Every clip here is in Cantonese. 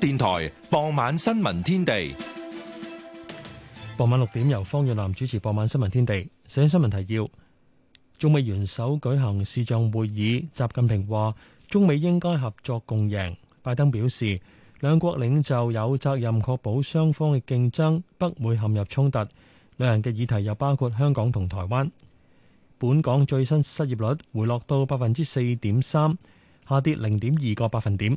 電台傍晚新聞天地，傍晚六點由方遠南主持。傍晚新聞天地，首先新聞提要：中美元首舉行視像會議，習近平話中美應該合作共贏。拜登表示，兩國領袖有責任確保雙方嘅競爭不會陷入衝突。兩人嘅議題又包括香港同台灣。本港最新失業率回落到百分之四點三，下跌零點二個百分點。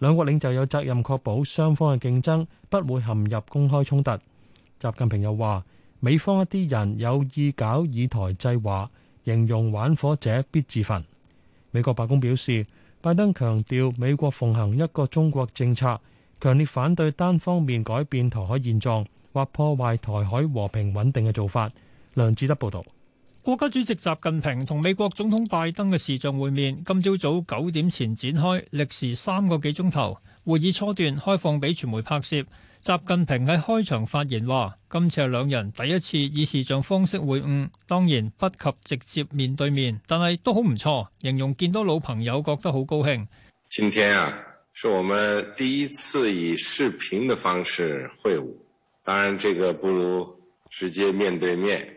兩國領袖有責任確保雙方嘅競爭不會陷入公開衝突。習近平又話：美方一啲人有意搞以台制華，形容玩火者必自焚。美國白宮表示，拜登強調美國奉行一個中國政策，強烈反對單方面改變台海現狀，或破壞台海和平穩定嘅做法。梁志德報道。國家主席習近平同美國總統拜登嘅視像會面，今朝早九點前展開，歷時三個幾鐘頭。會議初段開放俾傳媒拍攝。習近平喺開場發言話：今次係兩人第一次以視像方式會晤，當然不及直接面對面，但係都好唔錯。形容見到老朋友，覺得好高興。今天啊，是我們第一次以視頻嘅方式會晤，當然這個不如直接面對面。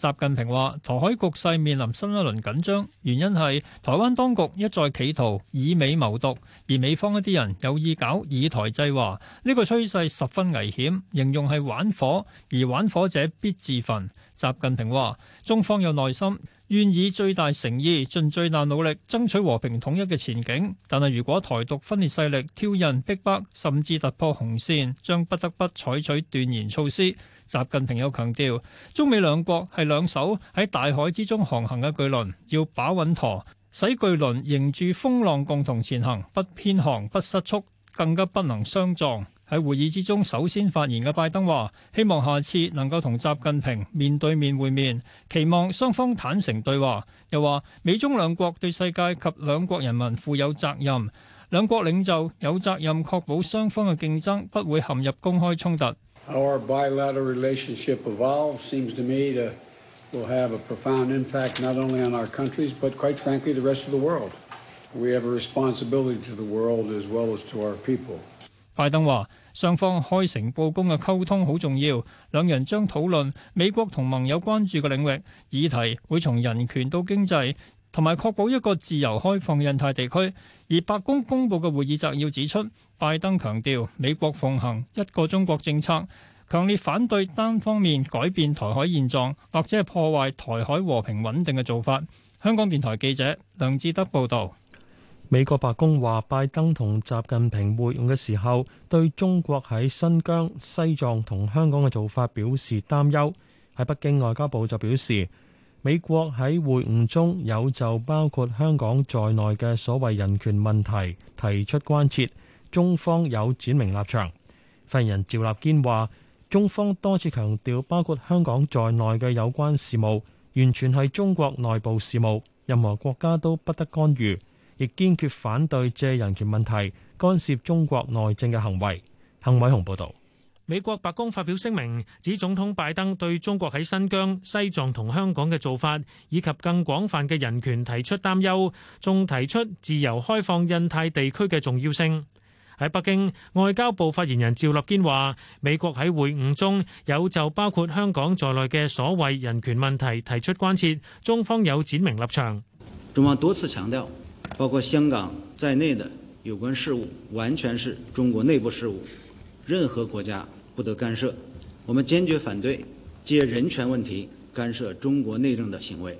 習近平話：台海局勢面臨新一輪緊張，原因係台灣當局一再企圖以美謀獨，而美方一啲人有意搞以台制華，呢個趨勢十分危險，形容係玩火，而玩火者必自焚。習近平話：中方有耐心，願以最大誠意、盡最大努力，爭取和平統一嘅前景。但係如果台獨分裂勢力挑釁逼迫,迫,迫，甚至突破紅線，將不得不採取斷然措施。習近平又強調：中美兩國係兩艘喺大海之中航行嘅巨輪，要把穩舵，使巨輪迎住風浪共同前行，不偏航、不失速，更加不能相撞。喺會議之中，首先發言嘅拜登話：希望下次能夠同習近平面對面會面，期望雙方坦誠對話。又話美中兩國對世界及兩國人民負有責任，兩國領袖有責任確保雙方嘅競爭不會陷入公開衝突。拜登話，雙方開誠布公嘅溝通好重要，兩人將討論美國同盟友關注嘅領域，議題會從人權到經濟，同埋確保一個自由開放印太地區。而白宮公佈嘅會議摘要指出，拜登強調美國奉行一個中國政策，強烈反對單方面改變台海現狀或者係破壞台海和平穩定嘅做法。香港電台記者梁志德報道。美國白宮話，拜登同習近平會晤嘅時候，對中國喺新疆、西藏同香港嘅做法表示擔憂。喺北京，外交部就表示，美國喺會晤中有就包括香港在內嘅所謂人權問題提出關切，中方有闡明立場。發言人趙立堅話，中方多次強調，包括香港在內嘅有關事務完全係中國內部事務，任何國家都不得干預。亦堅決反對借人權問題干涉中國內政嘅行為。幸偉雄報道。美國白宮發表聲明，指總統拜登對中國喺新疆、西藏同香港嘅做法，以及更廣泛嘅人權提出擔憂，仲提出自由開放印太地區嘅重要性。喺北京，外交部發言人趙立堅話，美國喺會晤中有就包括香港在內嘅所謂人權問題提出關切，中方有闡明立場。中方多次強調。包括香港在內的有關事務，完全係中國內部事務，任何國家不得干涉。我們堅決反對借人權問題干涉中國內政的行為。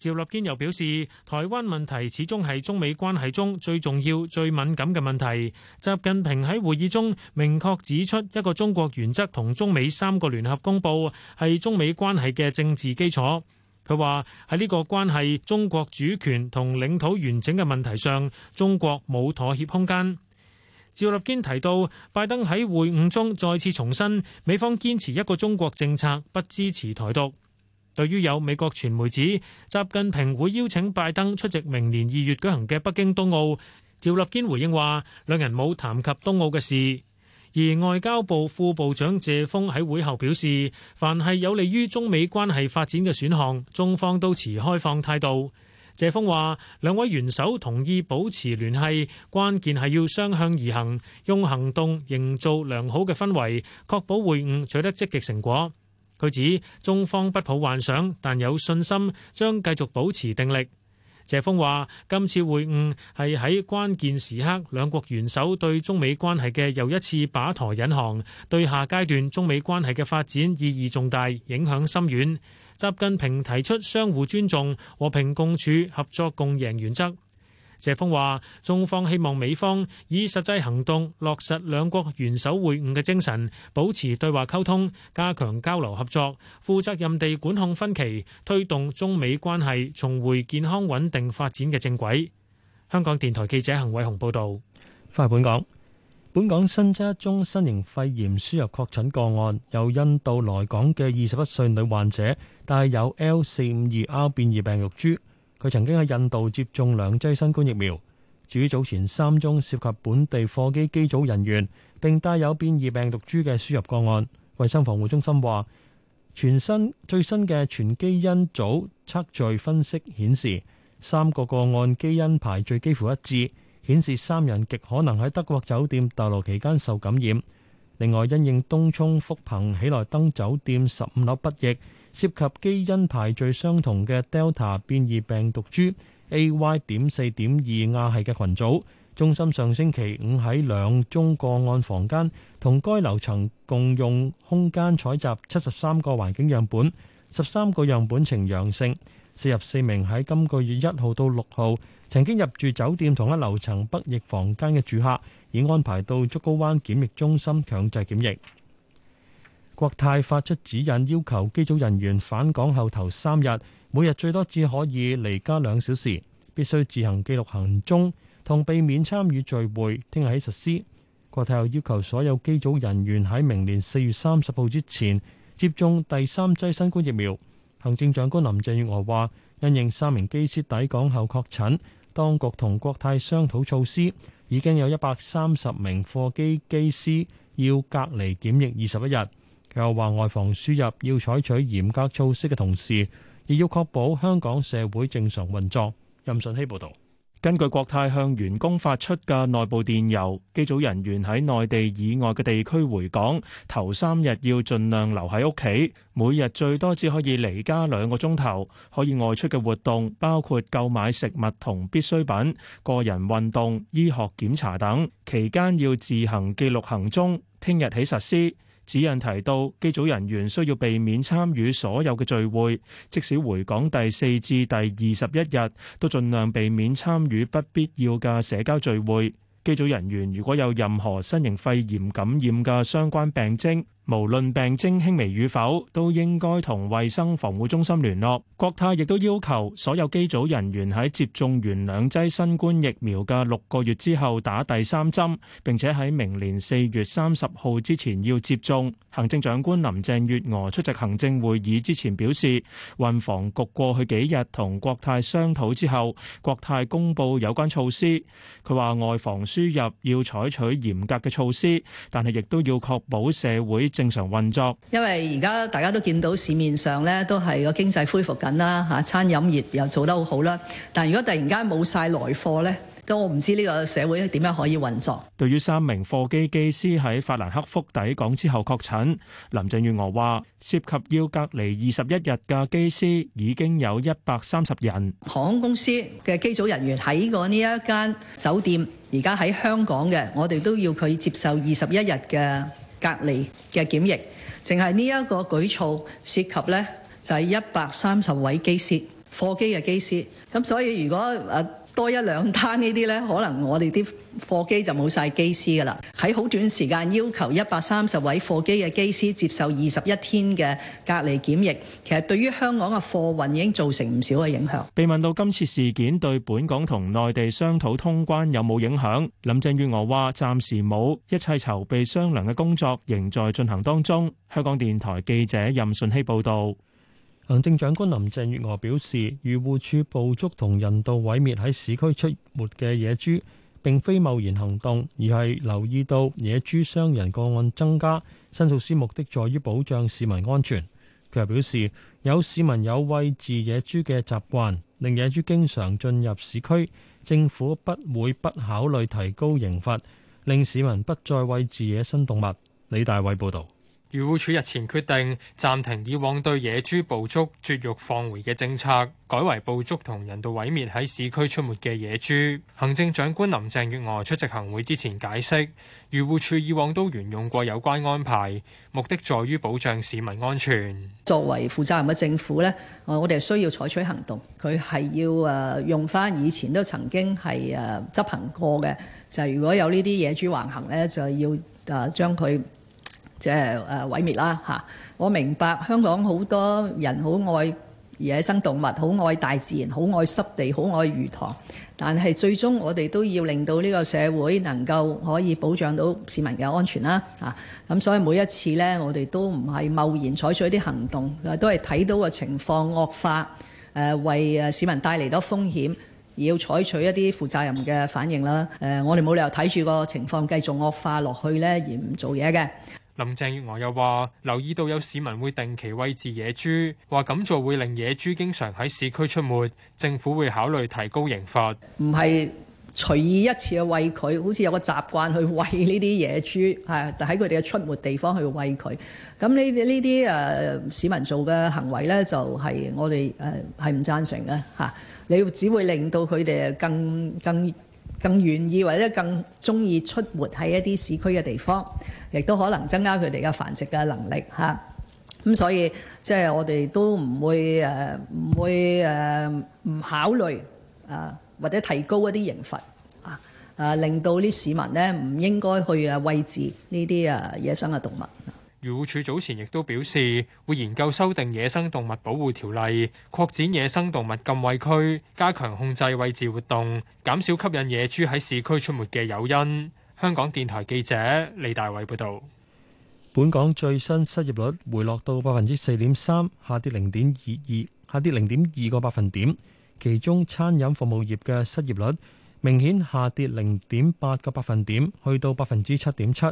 趙立堅又表示，台灣問題始終係中美關係中最重要、最敏感嘅問題。習近平喺會議中明確指出，一個中國原則同中美三個聯合公佈係中美關係嘅政治基礎。佢話喺呢個關係中國主權同領土完整嘅問題上，中國冇妥協空間。趙立堅提到，拜登喺會晤中再次重申美方堅持一個中國政策，不支持台獨。對於有美國傳媒指習近平會邀請拜登出席明年二月舉行嘅北京冬奧，趙立堅回應話兩人冇談及冬奧嘅事。而外交部副部長謝鋒喺會後表示，凡係有利於中美關係發展嘅選項，中方都持開放態度。謝鋒話，兩位元首同意保持聯繫，關鍵係要雙向而行，用行動營造良好嘅氛圍，確保會晤取得積極成果。佢指，中方不抱幻想，但有信心將繼續保持定力。謝峰話：今次會晤係喺關鍵時刻，兩國元首對中美關係嘅又一次把舵引航，對下階段中美關係嘅發展意義重大，影響深遠。習近平提出相互尊重、和平共處、合作共贏原則。謝鋒話：中方希望美方以實際行動落實兩國元首會晤嘅精神，保持對話溝通，加強交流合作，負責任地管控分歧，推動中美關係重回健康穩定發展嘅正軌。香港電台記者幸偉雄報道。翻去本港，本港新增一宗新型肺炎輸入確診個案，由印度來港嘅二十一歲女患者帶有 L 四五二 R 變異病毒株。佢曾經喺印度接種兩劑新冠疫苗，至於早前三宗涉及本地貨機機組人員並帶有變異病毒株嘅輸入個案，衛生防護中心話，全新最新嘅全基因組測序分析顯示，三個個案基因排序幾乎一致，顯示三人極可能喺德國酒店逗留期間受感染。另外，因應東涌福朋喜來登酒店十五樓不適，涉及基因排序相同嘅 Delta 變異病毒株 AY. 點四點二亞系嘅群組，中心上星期五喺兩宗個案房間同該樓層共用空間採集七十三個環境樣本，十三個樣本呈陽性。四十四名喺今個月一號到六號曾經入住酒店同一樓層北翼房間嘅住客，已安排到竹篙灣檢疫中心強制檢疫。國泰發出指引，要求機組人員返港後頭三日，每日最多只可以離家兩小時，必須自行記錄行蹤，同避免參與聚會。聽日起實施。國泰又要求所有機組人員喺明年四月三十號之前接種第三劑新冠疫苗。行政長官林鄭月娥話，因應三名機師抵港後確診，當局同國泰商討措施，已經有一百三十名貨機機師要隔離檢疫二十一日。又話外防輸入要採取嚴格措施嘅同時，亦要確保香港社會正常運作。任信希報導。根據國泰向員工發出嘅內部電郵，機組人員喺內地以外嘅地區回港頭三日要盡量留喺屋企，每日最多只可以離家兩個鐘頭，可以外出嘅活動包括購買食物同必需品、個人運動、醫學檢查等。期間要自行記錄行蹤，聽日起實施。指引提到，機組人員需要避免參與所有嘅聚會，即使回港第四至第二十一日，都盡量避免參與不必要嘅社交聚會，機組人員如果有任何新型肺炎感染嘅相關病徵。無論病徵輕微與否，都應該同衛生防護中心聯絡。國泰亦都要求所有機組人員喺接種完兩劑新冠疫苗嘅六個月之後打第三針，並且喺明年四月三十號之前要接種。行政長官林鄭月娥出席行政會議之前表示，運房局過去幾日同國泰商討之後，國泰公布有關措施。佢話外防輸入要採取嚴格嘅措施，但係亦都要確保社會正常運作，因為而家大家都見到市面上咧都係個經濟恢復緊啦，嚇餐飲業又做得好好啦。但係如果突然間冇晒來貨咧，咁我唔知呢個社會點樣可以運作。對於三名貨機機師喺法蘭克福抵港之後確診，林鄭月娥話涉及要隔離二十一日嘅機師已經有一百三十人。航空公司嘅機組人員喺過呢一間酒店，而家喺香港嘅，我哋都要佢接受二十一日嘅隔離嘅檢疫，淨係呢一個舉措涉及呢，就係一百三十位機師，貨機嘅機師。咁所以如果，啊多一兩單呢啲呢，可能我哋啲貨機就冇晒機師噶啦。喺好短時間要求一百三十位貨機嘅機師接受二十一天嘅隔離檢疫，其實對於香港嘅貨運已經造成唔少嘅影響。被問到今次事件對本港同內地商討通關有冇影響，林鄭月娥話暫時冇，一切籌備商量嘅工作仍在進行當中。香港電台記者任順希報道。行政長官林鄭月娥表示，漁護署捕捉同人道毀滅喺市區出沒嘅野豬，並非貿然行動，而係留意到野豬傷人個案增加。新措施目的在於保障市民安全。佢又表示，有市民有餵治野豬嘅習慣，令野豬經常進入市區，政府不會不考慮提高刑罰，令市民不再餵治野生動物。李大偉報導。漁護署日前決定暫停以往對野豬捕捉、絕育、放回嘅政策，改為捕捉同人道毀滅喺市區出沒嘅野豬。行政長官林鄭月娥出席行會之前解釋，漁護署以往都沿用過有關安排，目的在於保障市民安全。作為負責任嘅政府咧，我哋需要採取行動。佢係要誒用翻以前都曾經係誒執行過嘅，就係如果有呢啲野豬橫行呢就要誒將佢。即係誒毀滅啦嚇！我明白香港好多人好愛野生動物，好愛大自然，好愛濕地，好愛魚塘。但係最終我哋都要令到呢個社會能夠可以保障到市民嘅安全啦嚇。咁、啊、所以每一次呢，我哋都唔係貿然採取啲行動，都係睇到個情況惡化，誒、呃、為市民帶嚟多風險，而要採取一啲負責任嘅反應啦。誒、呃，我哋冇理由睇住個情況繼續惡化落去呢，而唔做嘢嘅。林鄭月娥又話：留意到有市民會定期餵飼野豬，話咁做會令野豬經常喺市區出沒，政府會考慮提高刑罰。唔係隨意一次去餵佢，好似有個習慣去餵呢啲野豬，係喺佢哋嘅出沒地方去餵佢。咁你哋呢啲誒市民做嘅行為咧，就係我哋誒係唔贊成嘅嚇、啊。你只會令到佢哋更更，更更願意或者更中意出沒喺一啲市區嘅地方，亦都可能增加佢哋嘅繁殖嘅能力嚇。咁、啊嗯、所以即係、就是、我哋都唔會誒唔、啊、會誒唔、啊、考慮啊，或者提高一啲刑罰啊，令到啲市民呢唔應該去啊餵養呢啲啊野生嘅動物。漁護署早前亦都表示，會研究修訂野生動物保護條例，擴展野生動物禁餵區，加強控制餵飼活動，減少吸引野豬喺市區出沒嘅誘因。香港電台記者李大偉報導。本港最新失業率回落到百分之四點三，下跌零點二二，下跌零點二個百分點。其中餐飲服務業嘅失業率明顯下跌零點八個百分點，去到百分之七點七。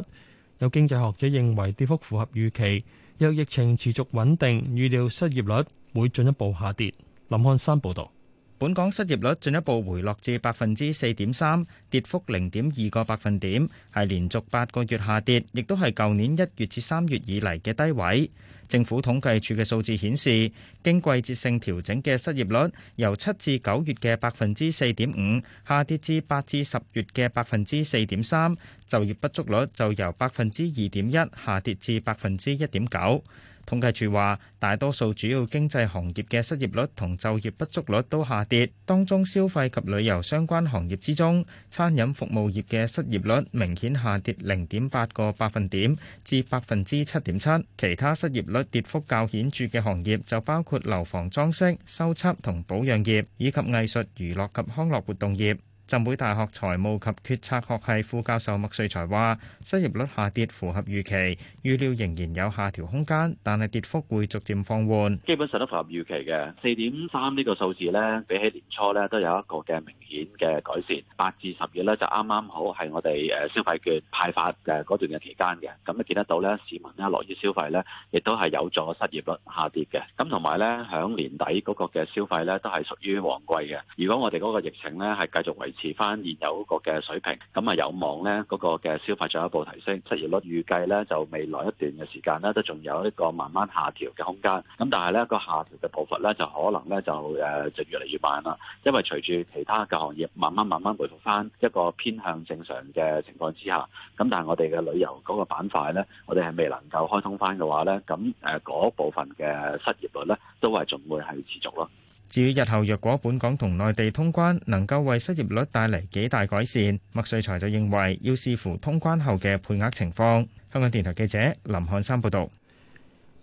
有經濟學者認為跌幅符合預期，若疫情持續穩定，預料失業率會進一步下跌。林漢山報導。本港失業率進一步回落至百分之四點三，跌幅零點二個百分點，係連續八個月下跌，亦都係舊年一月至三月以嚟嘅低位。政府統計處嘅數字顯示，經季節性調整嘅失業率由七至九月嘅百分之四點五，下跌至八至十月嘅百分之四點三，就業不足率就由百分之二點一，下跌至百分之一點九。統計處話，大多數主要經濟行業嘅失業率同就業不足率都下跌，當中消費及旅遊相關行業之中，餐飲服務業嘅失業率明顯下跌零點八個百分點至百分之七點七。其他失業率跌幅較顯著嘅行業就包括樓房裝飾、修葺同保養業以及藝術、娛樂及康樂活動業。浸會大學財務及決策學系副教授麥瑞才話，失業率下跌符合預期，預料仍然有下調空間，但係跌幅會逐漸放緩。基本上都符合預期嘅，四點三呢個數字呢，比起年初呢，都有一個嘅明顯嘅改善。八至十月呢，就啱啱好係我哋誒消費券派發嘅嗰段嘅期間嘅，咁你見得到呢，市民呢樂意消費呢，亦都係有助失業率下跌嘅。咁同埋呢，響年底嗰個嘅消費呢，都係屬於旺季嘅。如果我哋嗰個疫情呢係繼續維，持翻現有嗰個嘅水平，咁啊有望咧嗰個嘅消費進一步提升，失業率預計咧就未來一段嘅時間咧都仲有一個慢慢下調嘅空間。咁但係咧個下調嘅步伐咧就可能咧就誒就越嚟越慢啦，因為隨住其他嘅行業慢慢慢慢回復翻一個偏向正常嘅情況之下，咁但係我哋嘅旅遊嗰個板塊咧，我哋係未能夠開通翻嘅話咧，咁誒嗰部分嘅失業率咧都係仲會係持續咯。至於日後若果本港同內地通關，能夠為失業率帶嚟幾大改善，麥瑞才就認為要視乎通關後嘅配額情況。香港電台記者林漢山報導。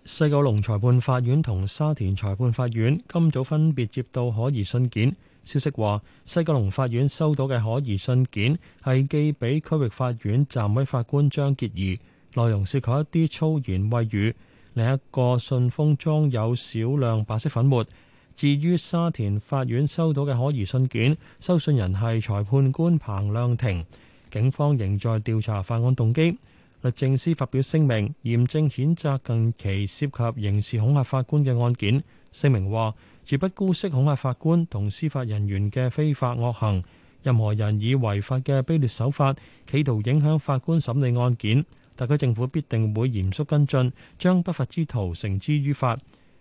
西九龍裁判法院同沙田裁判法院今早分別接到可疑信件，消息話西九龍法院收到嘅可疑信件係寄俾區域法院暫委法官張潔儀，內容涉及一啲粗言穢語。另一個信封裝有少量白色粉末。至於沙田法院收到嘅可疑信件，收信人係裁判官彭亮廷，警方仍在調查犯案動機。律政司發表聲明，嚴正譴責近期涉及刑事恐嚇法官嘅案件。聲明話：絕不姑息恐嚇法官同司法人員嘅非法惡行。任何人以違法嘅卑劣手法，企圖影響法官審理案件，特區政府必定會嚴肅跟進，將不法之徒繩之於法。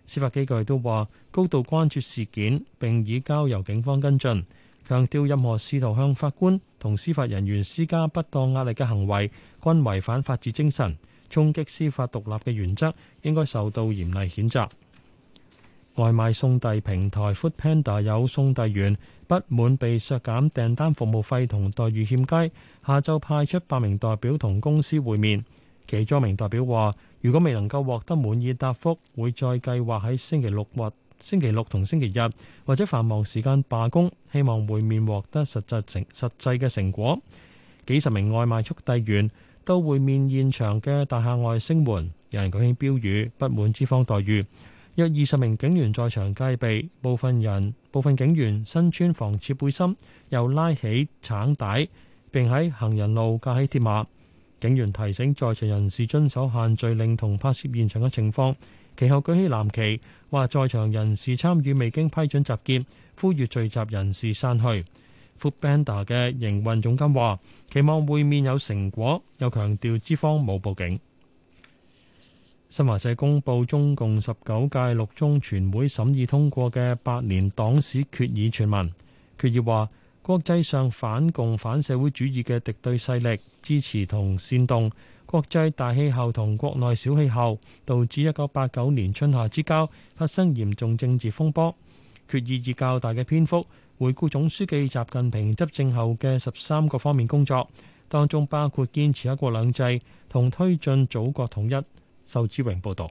司法機構亦都話高度關注事件，並已交由警方跟進。強調任何試圖向法官同司法人員施加不當壓力嘅行為，均違反法治精神、衝擊司法獨立嘅原則，應該受到嚴厲譴責。外賣送遞平台 Foodpanda 有送遞員不滿被削減訂單服務費同待遇欠佳，下晝派出八名代表同公司會面，其中一名代表話：如果未能夠獲得滿意答覆，會再計劃喺星期六或星期六同星期日或者繁忙時間罷工，希望會面獲得實際成實際嘅成果。幾十名外賣速遞員到會面現場嘅大廈外聲援，有人舉起標語不滿資方待遇。約二十名警員在場戒備，部分人部分警員身穿防刺背心，又拉起橙帶，並喺行人路架起鐵馬。警員提醒在場人士遵守限聚令同拍攝現場嘅情況，其後舉起藍旗，話在場人士參與未經批准集結，呼籲聚集人士散去。Foodpanda 嘅營運總監話：期望會面有成果，又強調資方冇報警。新華社公佈中共十九屆六中全會審議通過嘅百年黨史決議全文，決議話：國際上反共反社會主義嘅敵對勢力，支持同煽動國際大氣候同國內小氣候，導致一九八九年春夏之交發生嚴重政治風波。決議以較大嘅篇幅，回顧總書記習近平執政後嘅十三個方面工作，當中包括堅持一國兩制同推進祖國統一。受志榮報導。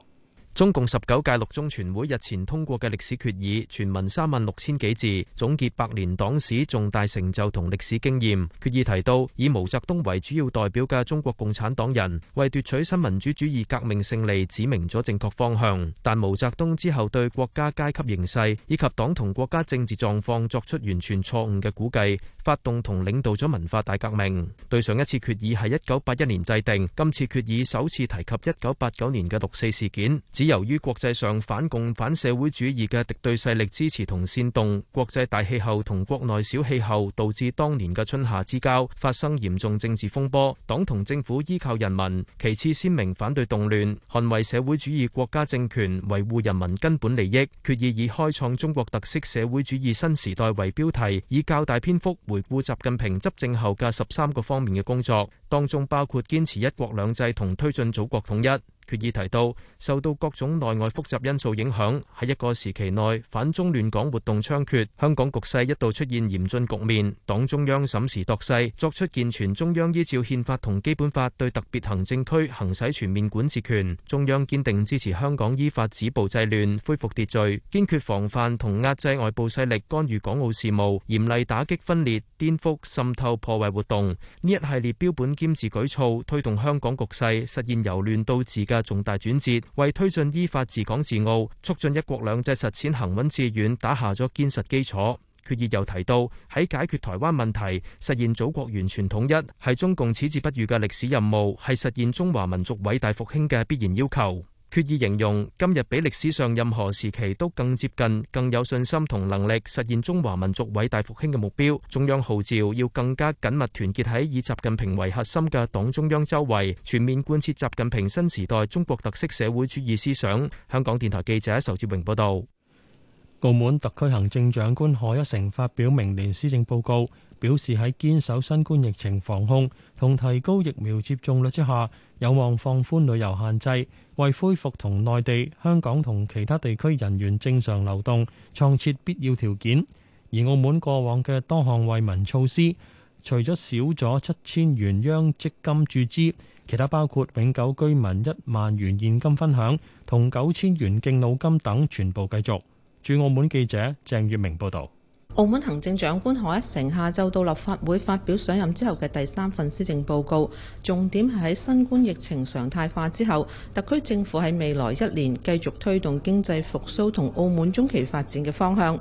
中共十九屆六中全會日前通過嘅歷史決議，全文三萬六千幾字，總結百年黨史重大成就同歷史經驗。決議提到，以毛澤東為主要代表嘅中國共產黨人，為奪取新民主主義革命勝利，指明咗正確方向。但毛澤東之後對國家階級形勢以及黨同國家政治狀況作出完全錯誤嘅估計，發動同領導咗文化大革命。對上一次決議係一九八一年制定，今次決議首次提及一九八九年嘅六四事件。由於國際上反共反社會主義嘅敵對勢力支持同煽動，國際大氣候同國內小氣候導致當年嘅春夏之交發生嚴重政治風波。黨同政府依靠人民，其次鮮明反對動亂，捍衛社會主義國家政權，維護人民根本利益，決議以開創中國特色社會主義新時代為標題，以較大篇幅回顧習近平執政後嘅十三個方面嘅工作，當中包括堅持一國兩制同推進祖國統一。決議提到，受到各種內外複雜因素影響，喺一個時期內反中亂港活動猖獗，香港局勢一度出現嚴峻局面。黨中央審時度勢，作出健全中央依照憲法同基本法對特別行政區行使全面管治權。中央堅定支持香港依法止暴制亂，恢復秩序，堅決防範同壓制外部勢力干預港澳事務，嚴厲打擊分裂、顛覆、滲透、破壞活動。呢一系列標本兼治舉措，推動香港局勢實現由亂到治嘅重大轉折，為推進依法治港治澳、促進一國兩制實踐行穩致遠打下咗堅實基礎，決議又提到，喺解決台灣問題實現祖國完全統一，係中共矢志不渝嘅歷史任務，係實現中華民族偉大復興嘅必然要求。決意形容今日比歷史上任何時期都更接近、更有信心同能力實現中華民族偉大復興嘅目標。中央號召要更加緊密團結喺以習近平為核心嘅黨中央周圍，全面貫徹習近平新時代中國特色社會主義思想。香港電台記者仇志榮報道。澳門特區行政長官賀一誠發表明年施政報告，表示喺堅守新冠疫情防控同提高疫苗接種率之下，有望放寬旅遊限制，為恢復同內地、香港同其他地區人員正常流動，創設必要條件。而澳門過往嘅多項惠民措施，除咗少咗七千元央積金注資，其他包括永久居民一萬元現金分享同九千元敬老金等，全部繼續。駐澳門記者鄭月明報導，澳門行政長官何一成下晝到立法會發表上任之後嘅第三份施政報告，重點係喺新冠疫情常態化之後，特區政府喺未來一年繼續推動經濟復甦同澳門中期發展嘅方向。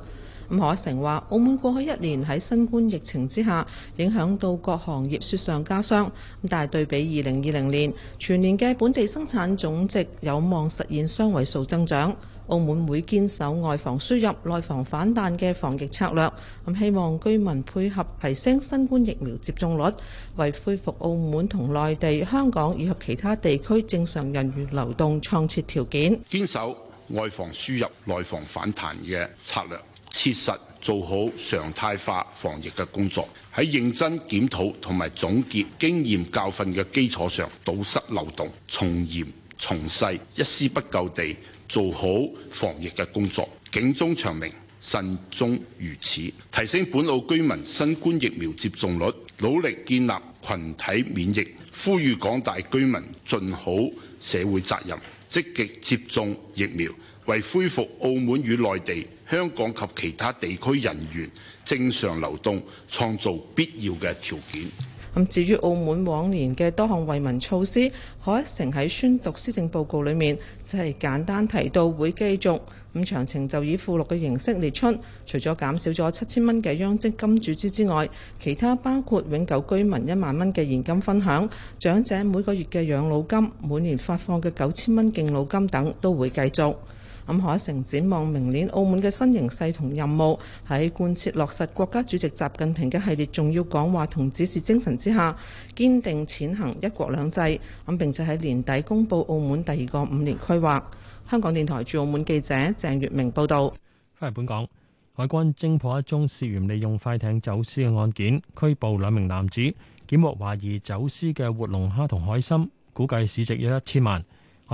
咁何一成話：澳門過去一年喺新冠疫情之下，影響到各行業雪上加霜。但係對比二零二零年全年嘅本地生產總值有望實現雙位數增長。澳門會堅守外防輸入、內防反彈嘅防疫策略，咁希望居民配合提升新冠疫苗接種率，為恢復澳門同內地、香港以及其他地區正常人員流動創設條件。堅守外防輸入、內防反彈嘅策略，切實做好常態化防疫嘅工作。喺認真檢討同埋總結經驗教訓嘅基礎上，堵塞漏洞，從嚴從細，一絲不苟地做好防疫嘅工作，警鐘長鳴，慎終如始，提升本澳居民新冠疫苗接種率，努力建立群體免疫，呼籲廣大居民盡好社會責任，積極接種疫苗，為恢復澳門與內地、香港及其他地區人員正常流動創造必要嘅條件。咁至於澳門往年嘅多項惠民措施，賀一誠喺宣讀施政報告裏面，只係簡單提到會繼續。咁詳情就以附錄嘅形式列出。除咗減少咗七千蚊嘅央積金注資之外，其他包括永久居民一萬蚊嘅現金分享、長者每個月嘅養老金、每年發放嘅九千蚊敬老金等都會繼續。咁海城展望明年，澳門嘅新形勢同任務，喺貫徹落實國家主席習近平嘅系列重要講話同指示精神之下，堅定踐行一國兩制，咁並且喺年底公布澳門第二個五年規劃，香港電台駐澳門記者鄭月明報道。翻嚟本港，海關偵破一宗涉嫌利用快艇走私嘅案件，拘捕兩名男子，檢獲懷疑走私嘅活龍蝦同海參，估計市值約一千萬。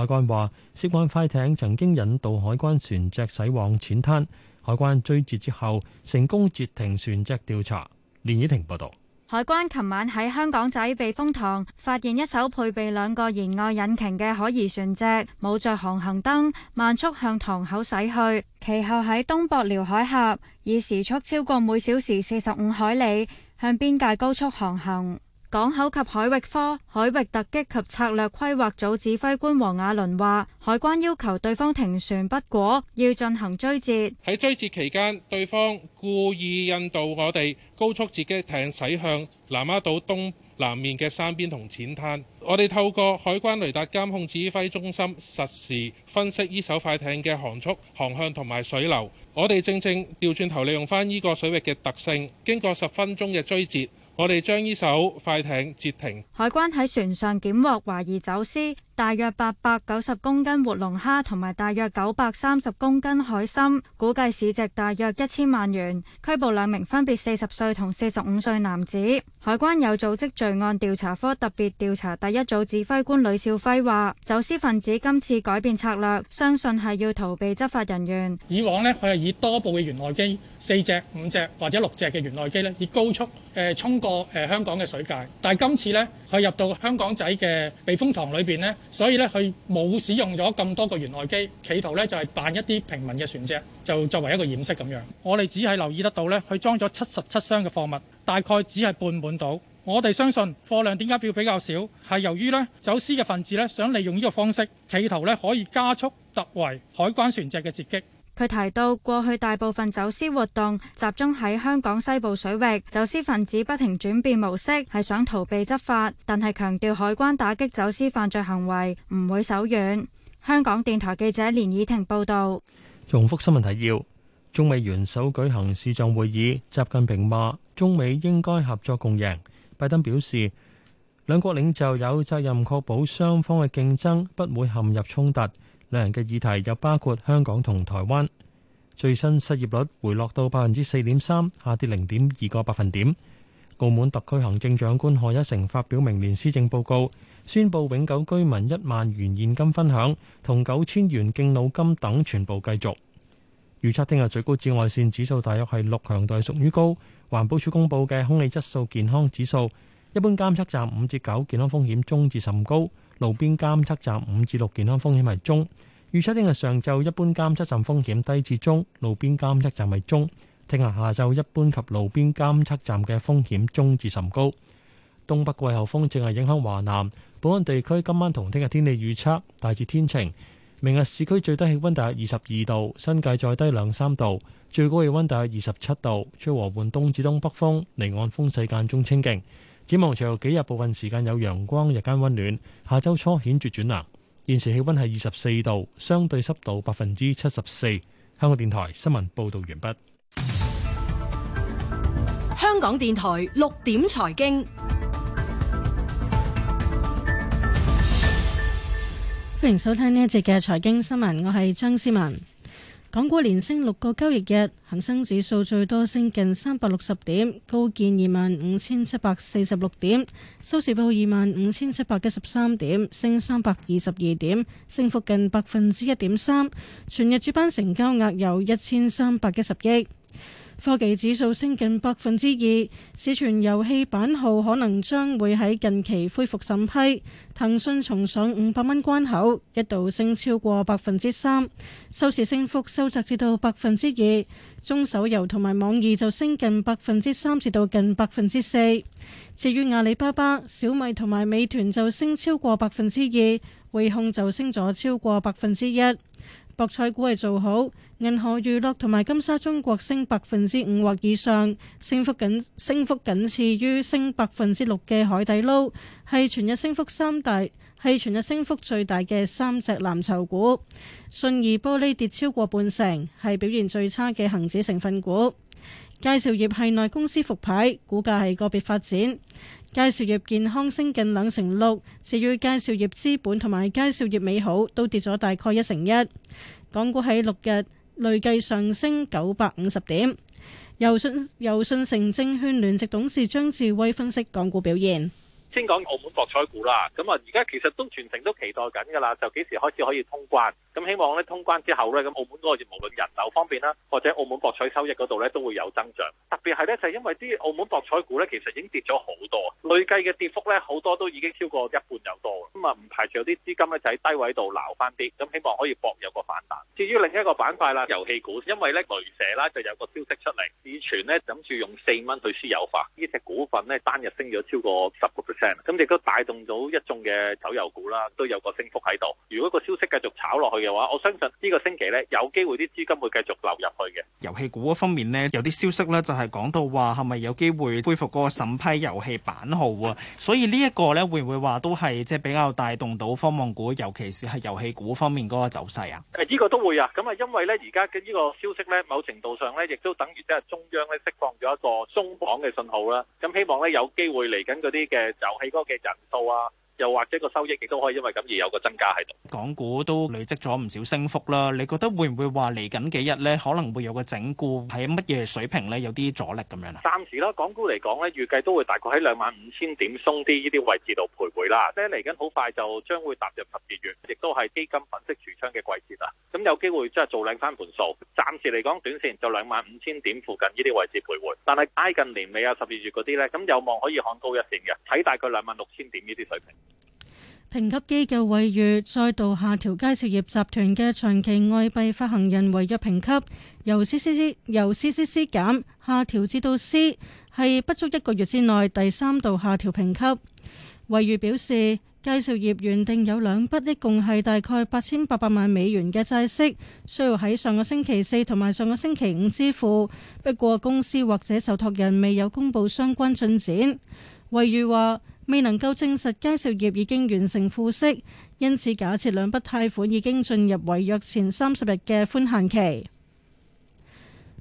海關話，涉案快艇曾經引導海關船隻駛往淺灘，海關追截之後成功截停船隻調查。連綺婷報道，海關琴晚喺香港仔避風塘發現一艘配備兩個舷外引擎嘅可疑船隻，冇着航行燈，慢速向塘口駛去，其後喺東博寮海峽以時速超過每小時四十五海里向邊界高速航行。港口及海域科海域突擊及策略規劃組指揮官黃雅倫話：海關要求對方停船不果，要進行追截。喺追截期間，對方故意引導我哋高速截擊艇駛向南丫島東南面嘅山邊同淺灘。我哋透過海關雷達監控指揮中心實時分析呢艘快艇嘅航速、航向同埋水流。我哋正正調轉頭，利用翻呢個水域嘅特性，經過十分鐘嘅追截。我哋將呢艘快艇截停，海關喺船上檢獲懷疑走私。大約八百九十公斤活龍蝦同埋大約九百三十公斤海參，估計市值大約一千萬元。拘捕兩名分別四十歲同四十五歲男子。海關有組織罪案調查科特別調查第一組指揮官呂少輝話：走私分子今次改變策略，相信係要逃避執法人員。以往咧，佢係以多部嘅舷外機，四隻、五隻或者六隻嘅舷外機咧，以高速誒、呃、衝過誒、呃、香港嘅水界。但係今次咧，佢入到香港仔嘅避風塘裏邊咧。所以咧，佢冇使用咗咁多個船外機，企圖咧就係扮一啲平民嘅船隻，就作為一個掩飾咁樣。我哋只係留意得到咧，佢裝咗七十七箱嘅貨物，大概只係半滿到。我哋相信貨量點解要比較少，係由於咧走私嘅分子咧想利用呢個方式，企圖咧可以加速突圍海關船隻嘅截擊。佢提到，過去大部分走私活動集中喺香港西部水域，走私分子不停轉變模式，係想逃避執法。但係強調，海關打擊走私犯罪行為唔會手軟。香港電台記者連以婷報道。重複新聞提要：中美元首舉行視像會議，習近平話中美應該合作共贏。拜登表示，兩國領袖有責任確保雙方嘅競爭不會陷入衝突。兩人嘅議題又包括香港同台灣。最新失業率回落到百分之四點三，下跌零點二個百分點。澳門特區行政長官賀一誠發表明年施政報告，宣布永久居民一萬元現金分享同九千元敬老金等全部繼續。預測聽日最高紫外線指數大約係六，強度屬於高。環保署公布嘅空氣質素健康指數，一般監測站五至九，9, 健康風險中至甚高。路邊監測站五至六，健康風險係中，預測聽日上晝一般監測站風險低至中，路邊監測站係中。聽日下晝一般及路邊監測站嘅風險中至甚高。東北季候風正係影響華南，本港地區今晚同聽日天氣預測大致天晴。明日市區最低氣溫大約二十二度，新界再低兩三度，最高氣溫大約二十七度。吹和緩東至東北風，離岸風勢間中清勁。展望隨後幾日部分時間有陽光，日間溫暖。下周初顯著轉冷。現時氣溫係二十四度，相對濕度百分之七十四。香港電台新聞報道完畢。香港電台六點財經，歡迎收聽呢一節嘅財經新聞，我係張思文。港股連升六個交易日，恒生指數最多升近三百六十點，高見二萬五千七百四十六點，收市報二萬五千七百一十三點，升三百二十二點，升幅近百分之一點三。全日主板成交額有一千三百一十億。科技指數升近百分之二，市傳遊戲版號可能將會喺近期恢復審批。騰訊重上五百蚊關口，一度升超過百分之三，收市升幅收窄至到百分之二。中手遊同埋網易就升近百分之三至到近百分之四。至於阿里巴巴、小米同埋美團就升超過百分之二，匯控就升咗超過百分之一。博彩股係做好，銀河娛樂同埋金沙中國升百分之五或以上，升幅僅，升幅僅次於升百分之六嘅海底撈，係全日升幅三大，係全日升幅最大嘅三隻藍籌股。信義玻璃跌超過半成，係表現最差嘅恒指成分股。介紹業係內公司復牌，股價係個別發展。佳兆業健康升近兩成六，至於佳兆業資本同埋佳兆業美好都跌咗大概一成一。港股喺六日累計上升九百五十點。由信由信誠證券聯席董事張智威分析港股表現。先講澳門博彩股啦，咁啊而家其實都全程都期待緊㗎啦，就幾時開始可以通關？咁希望咧通關之後咧，咁澳門嗰個無論人流方面啦，或者澳門博彩收益嗰度咧都會有增長。特別係咧就係、因為啲澳門博彩股咧其實已經跌咗好多，累計嘅跌幅咧好多都已經超過一半有多。咁啊唔排除有啲資金咧就喺低位度撈返啲，咁希望可以博有個反彈。至於另一個板塊啦，遊戲股，因為咧雷蛇啦就有個消息出嚟，以前咧諗住用四蚊去私有化呢隻股份咧，單日升咗超過十個。咁亦都帶動到一眾嘅石油股啦，都有個升幅喺度。如果個消息繼續炒落去嘅話，我相信呢個星期呢，有機會啲資金會繼續流入去嘅。遊戲股方面呢，有啲消息呢，就係講到話係咪有機會恢復嗰個審批遊戲版號啊？嗯、所以呢一個呢，會唔會話都係即係比較帶動到科網股，尤其是係遊戲股方面嗰個走勢啊？誒，依個都會啊！咁啊，因為呢，而家嘅呢個消息呢，某程度上呢，亦都等於即係中央咧釋放咗一個鬆綁嘅信號啦。咁希望呢，有機會嚟緊嗰啲嘅遊戲嗰個嘅人數啊！ 又或者個收益亦都可以因為咁而有個增加喺度。港股都累積咗唔少升幅啦。你覺得會唔會話嚟緊幾日呢？可能會有個整固喺乜嘢水平呢？有啲阻力咁樣啊？暫時啦，港股嚟講呢，預計都會大概喺兩萬五千點鬆啲呢啲位置度徘徊啦。即係嚟緊好快就將會踏入十二月，亦都係基金粉飾櫥窗嘅季節啦。咁有機會即係做靚返盤數。暫時嚟講，短線就兩萬五千點附近呢啲位置徘徊，但係挨近年尾啊十二月嗰啲呢，咁有望可以看高一線嘅，睇大概兩萬六千點呢啲水平。評級機構惠譽再度下調佳兆業集團嘅長期外幣發行人違約評級，由 CCC 由 CCC 減下調至到 C，係不足一個月之內第三度下調評級。惠譽表示，佳兆業原定有兩筆，一共係大概八千八百萬美元嘅債息，需要喺上個星期四同埋上個星期五支付，不過公司或者受託人未有公布相關進展。惠譽話。未能夠證實佳兆業已經完成付息，因此假設兩筆貸款已經進入違約前三十日嘅寬限期。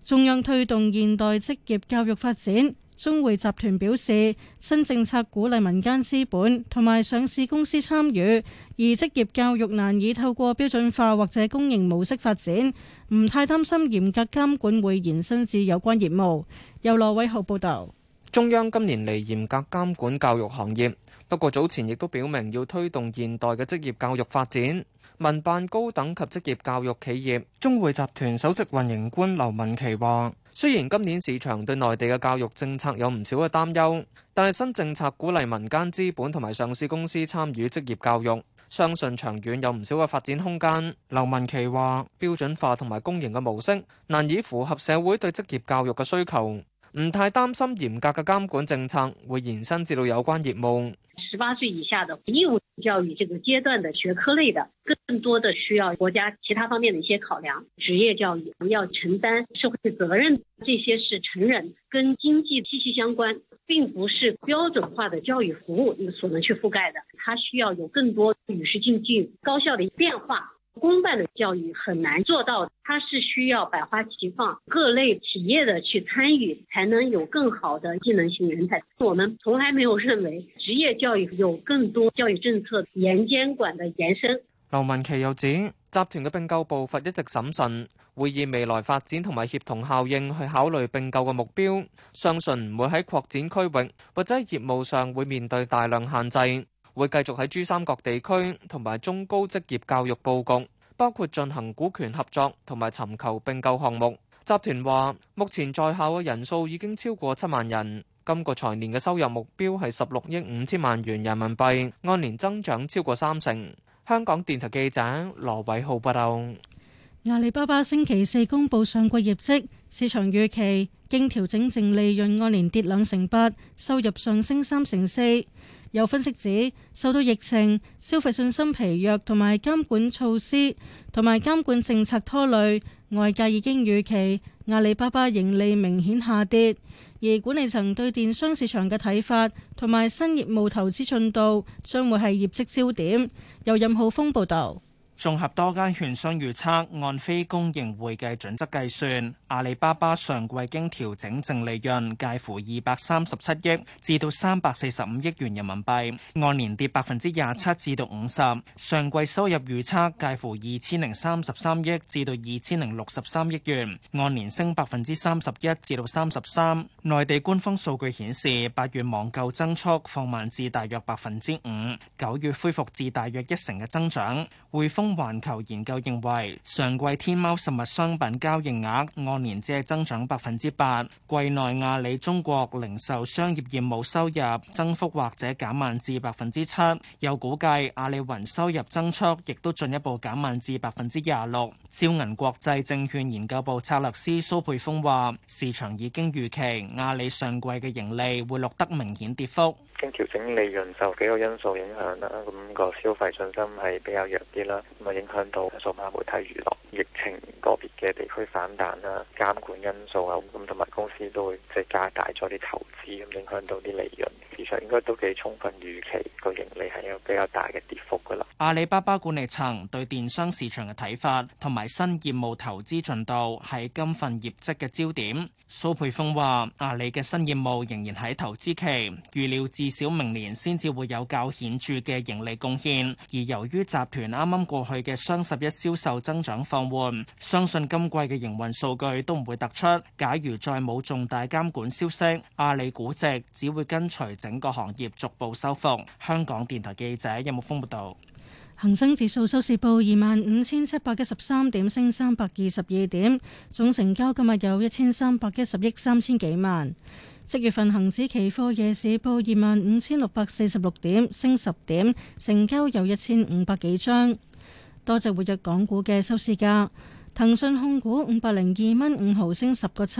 中央推動現代職業教育發展，中匯集團表示，新政策鼓勵民間資本同埋上市公司參與，而職業教育難以透過標準化或者公營模式發展，唔太擔心嚴格監管會延伸至有關業務，由羅偉浩報道。中央今年嚟嚴格監管教育行業，不過早前亦都表明要推動現代嘅職業教育發展。民辦高等及職業教育企業中匯集團首席運營官劉文琪話，雖然今年市場對內地嘅教育政策有唔少嘅擔憂，但係新政策鼓勵民間資本同埋上市公司參與職業教育，相信長遠有唔少嘅發展空間。劉文琪話，標準化同埋公營嘅模式難以符合社會對職業教育嘅需求。唔太擔心嚴格嘅監管政策會延伸至到有關業務。十八歲以下的義務教育這個階段的學科類的，更多的需要國家其他方面的一些考量。職業教育要承擔社會責任，這些是成人跟經濟息息相關，並不是標準化的教育服務所能去覆蓋的。它需要有更多與時俱進、高效的變化。公辦嘅教育很難做到，它是需要百花齊放，各類企業的去參與，才能有更好的技能型人才。我們從來沒有認為職業教育有更多教育政策嚴監管的延伸。劉文琪又指，集團嘅併購步伐一直審慎，會以未來發展同埋協同效應去考慮併購嘅目標，相信唔會喺擴展區域或者業務上會面對大量限制。會繼續喺珠三角地區同埋中高職業教育佈局，包括進行股權合作同埋尋求併購項目。集團話，目前在校嘅人數已經超過七萬人。今個財年嘅收入目標係十六億五千萬元人民幣，按年增長超過三成。香港電台記者羅偉浩報道。阿里巴巴星期四公佈上季業績，市場預期經調整淨，淨利潤按年跌兩成八，收入上升三成四。有分析指，受到疫情、消費信心疲弱同埋監管措施同埋監管政策拖累，外界已經預期阿里巴巴盈利明顯下跌，而管理層對電商市場嘅睇法同埋新業務投資進度將會係業績焦點，由任浩峰報道。綜合多家券商預測，按非公認會計準則計算，阿里巴巴上季經調整淨利潤介乎二百三十七億至到三百四十五億元人民幣，按年跌百分之廿七至到五十；上季收入預測介乎二千零三十三億至到二千零六十三億元，按年升百分之三十一至到三十三。內地官方數據顯示，八月網購增速放慢至大約百分之五，九月恢復至大約一成嘅增長。匯豐環球研究認為，上季天貓實物商品交易額按年只增長百分之八，季內阿里中國零售商業業務收入增幅或者減慢至百分之七，又估計阿里雲收入增速亦都進一步減慢至百分之廿六。招銀國際證券研究部策略師蘇佩峰話，市場已經預期阿里上季嘅盈利會錄得明顯跌幅。經調整，利潤受幾個因素影響啦，咁個消費信心係比較弱啲啦，咁啊影響到數碼媒體娛樂，疫情個別嘅地區反彈啦，監管因素啊，咁同埋公司都會即係加大咗啲投資，咁影響到啲利潤。市場應該都幾充分預期個盈利係有比較大嘅跌幅㗎喇。阿里巴巴管理層對電商市場嘅睇法同埋新業務投資進度係今份業績嘅焦點。蘇培峰話：阿里嘅新業務仍然喺投資期，預料至少明年先至會有較顯著嘅盈利貢獻。而由於集團啱啱過去嘅雙十一銷售增長放緩，相信今季嘅營運數據都唔會突出。假如再冇重大監管消息，阿里估值只會跟隨整個行業逐步收復。香港電台記者任木峰報道。恒生指數收市報二萬五千七百一十三點，升三百二十二點，總成交今日有一千三百一十億三千幾萬。即月份恒指期貨夜市報二萬五千六百四十六點，升十點，成交有一千五百幾張。多隻活躍港股嘅收市價。騰訊控股五百零二蚊五毫，升十個七，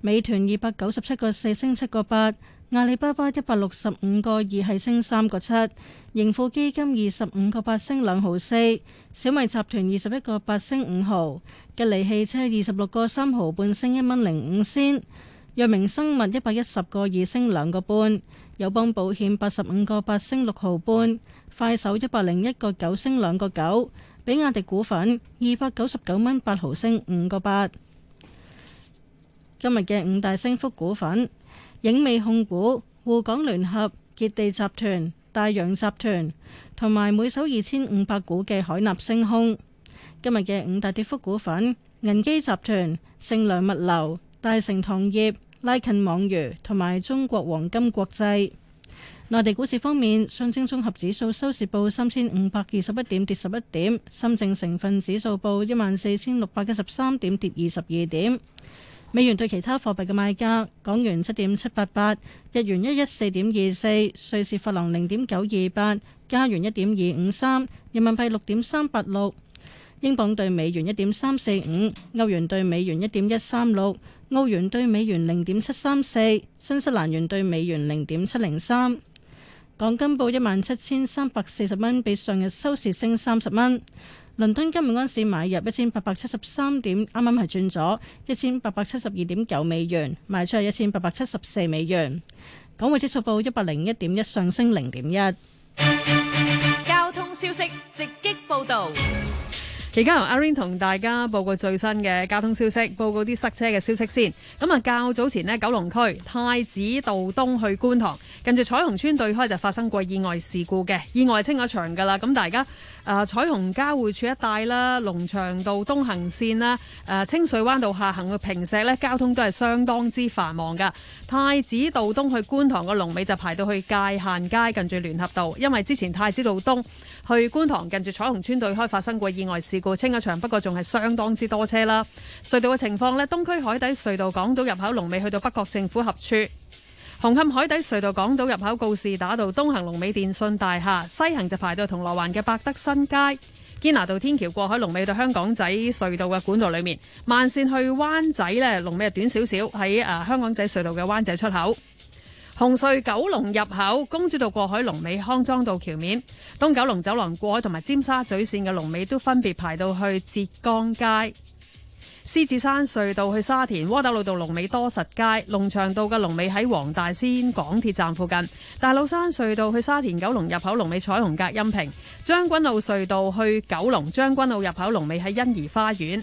美團二百九十七個四，升七個八。阿里巴巴一百六十五個二係升三個七，盈富基金二十五個八升兩毫四，小米集團二十一個八升五毫，吉利汽車二十六個三毫半升一蚊零五仙，藥明生物一百一十個二升兩個半，友邦保險八十五個八升六毫半，快手一百零一個九升兩個九，比亞迪股份二百九十九蚊八毫升五個八，今日嘅五大升幅股份。影美控股、滬港聯合、傑地集團、大洋集團同埋每手二千五百股嘅海納星空，今日嘅五大跌幅股份：銀基集團、盛良物流、大成糖業、拉近網娛同埋中國黃金國際。內地股市方面，上證綜合指數收市報三千五百二十一點，跌十一點；深證成分指數報一萬四千六百一十三點，跌二十二點。美元對其他貨幣嘅賣價：港元七點七八八，日元一一四點二四，瑞士法郎零點九二八，加元一點二五三，人民幣六點三八六，英鎊對美元一點三四五，歐元對美元一點一三六，澳元對美元零點七三四，新西蘭元對美元零點七零三。港金報一萬七千三百四十蚊，比上日收市升三十蚊。倫敦金每安士買入一千八百七十三點，啱啱係轉咗一千八百七十二點九美元，賣出去一千八百七十四美元。港匯指數報一百零一點一，上升零點一。交通消息直擊報道，而家由阿 r i n 同大家報告最新嘅交通消息，報告啲塞車嘅消息先。咁啊，較早前呢，九龍區太子道東去觀塘，近住彩虹村對開就發生過意外事故嘅，意外清咗場噶啦，咁大家。啊！彩虹交匯處一帶啦，龍翔道東行線啦，誒清水灣道下行嘅坪石咧，交通都係相當之繁忙噶。太子道東去觀塘嘅龍尾就排到去界限街，近住聯合道，因為之前太子道東去觀塘近住彩虹村對開發生過意外事故清一場，不過仲係相當之多車啦。隧道嘅情況呢，東區海底隧道港島入口龍尾去到北角政府合處。紅磡海底隧道港島入口，告士打道東行龍尾，電信大廈，西行就排到銅鑼灣嘅百德新街。堅拿道天橋過海龍尾到香港仔隧道嘅管道裏面，慢線去灣仔咧，龍尾係短少少，喺誒香港仔隧道嘅灣仔出口。紅隧九龍入口，公主道過海龍尾，康莊道橋面，東九龍走廊過海同埋尖沙咀線嘅龍尾都分別排到去浙江街。獅子山隧道去沙田，窩打老道龍尾多實街，龍翔道嘅龍尾喺黃大仙港鐵站附近；大老山隧道去沙田九龍入口龍尾彩虹隔音屏，將軍澳隧道去九龍將軍澳入口龍尾喺欣怡花園。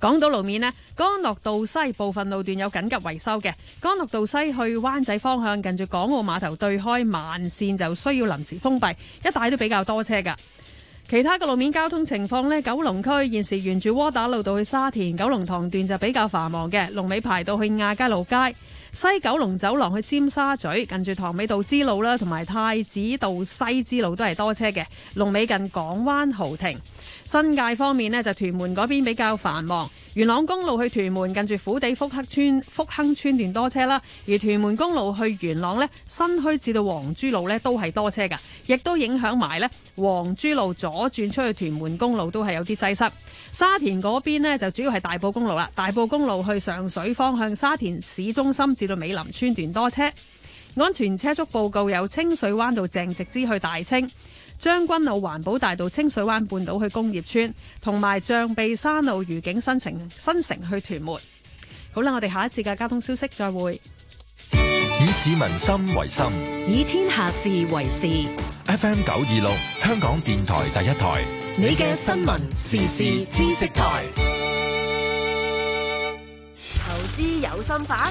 港島路面咧，干諾道西部分路段有緊急維修嘅，干諾道西去灣仔方向近住港澳碼頭對開慢線就需要臨時封閉，一帶都比較多車噶。其他嘅路面交通情況咧，九龍區現時沿住窩打路到去沙田九龍塘段就比較繁忙嘅，龍尾排到去亞皆老街、西九龍走廊去尖沙咀，近住塘尾道支路啦，同埋太子道西支路都係多車嘅，龍尾近港灣豪庭。新界方面咧，就屯門嗰邊比較繁忙。元朗公路去屯門近住虎地福亨村福亨村段多車啦，而屯門公路去元朗咧，新墟至到黃珠路咧都係多車噶，亦都影響埋咧黃珠路左轉出去屯門公路都係有啲擠塞。沙田嗰邊呢，就主要係大埔公路啦，大埔公路去上水方向沙田市中心至到美林村段多車，安全車速報告由清水灣道正直之去大清。將軍澳環保大道清水灣半島去工業村，同埋象鼻山路愉景新城新城去屯門。好啦，我哋下一節嘅交通消息，再會。以市民心為心，以天下事為事。FM 九二六，香港電台第一台。你嘅新聞時事知識台，投資有心法，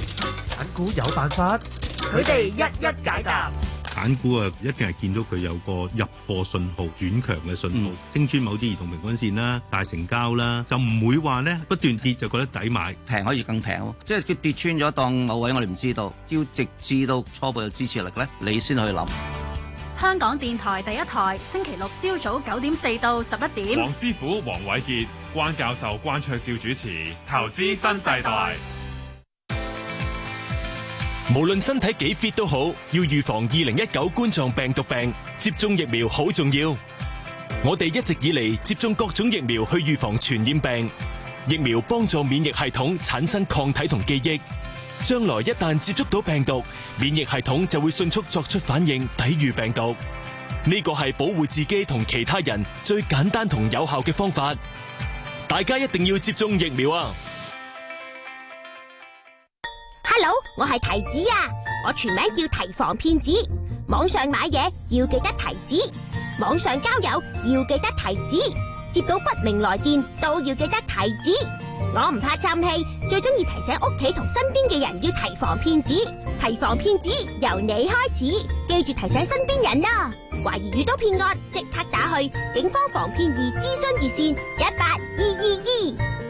港股有辦法，佢哋一一解答。港估啊，一定係見到佢有個入貨信號，轉強嘅信號，穿穿、嗯、某啲移動平均線啦，大成交啦，就唔會話咧，不斷跌就覺得抵買，平可以更平，即係佢跌穿咗當某位我哋唔知道，要直至到初步嘅支持力咧，你先去諗。香港電台第一台，星期六朝早九點四到十一點。黃師傅、黃偉傑、關教授、關卓照主持《投資新世代》世代。無論身體幾 fit 都好，要預防二零一九冠狀病毒病，接種疫苗好重要。我哋一直以嚟接種各種疫苗去預防傳染病，疫苗幫助免疫系統產生抗體同記憶。將來一旦接觸到病毒，免疫系統就會迅速作出反應，抵禦病毒。呢個係保護自己同其他人最簡單同有效嘅方法。大家一定要接種疫苗啊！Hello，我係提子啊，我全名叫提防騙子。網上買嘢要記得提子，網上交友要記得提子，接到不明來電都要記得提子。我唔怕長氣，最中意提醒屋企同身邊嘅人要提防騙子。提防騙子由你開始，記住提醒身邊人啦。懷疑遇到騙案，即刻打去警方防騙易諮詢熱線一八二二二。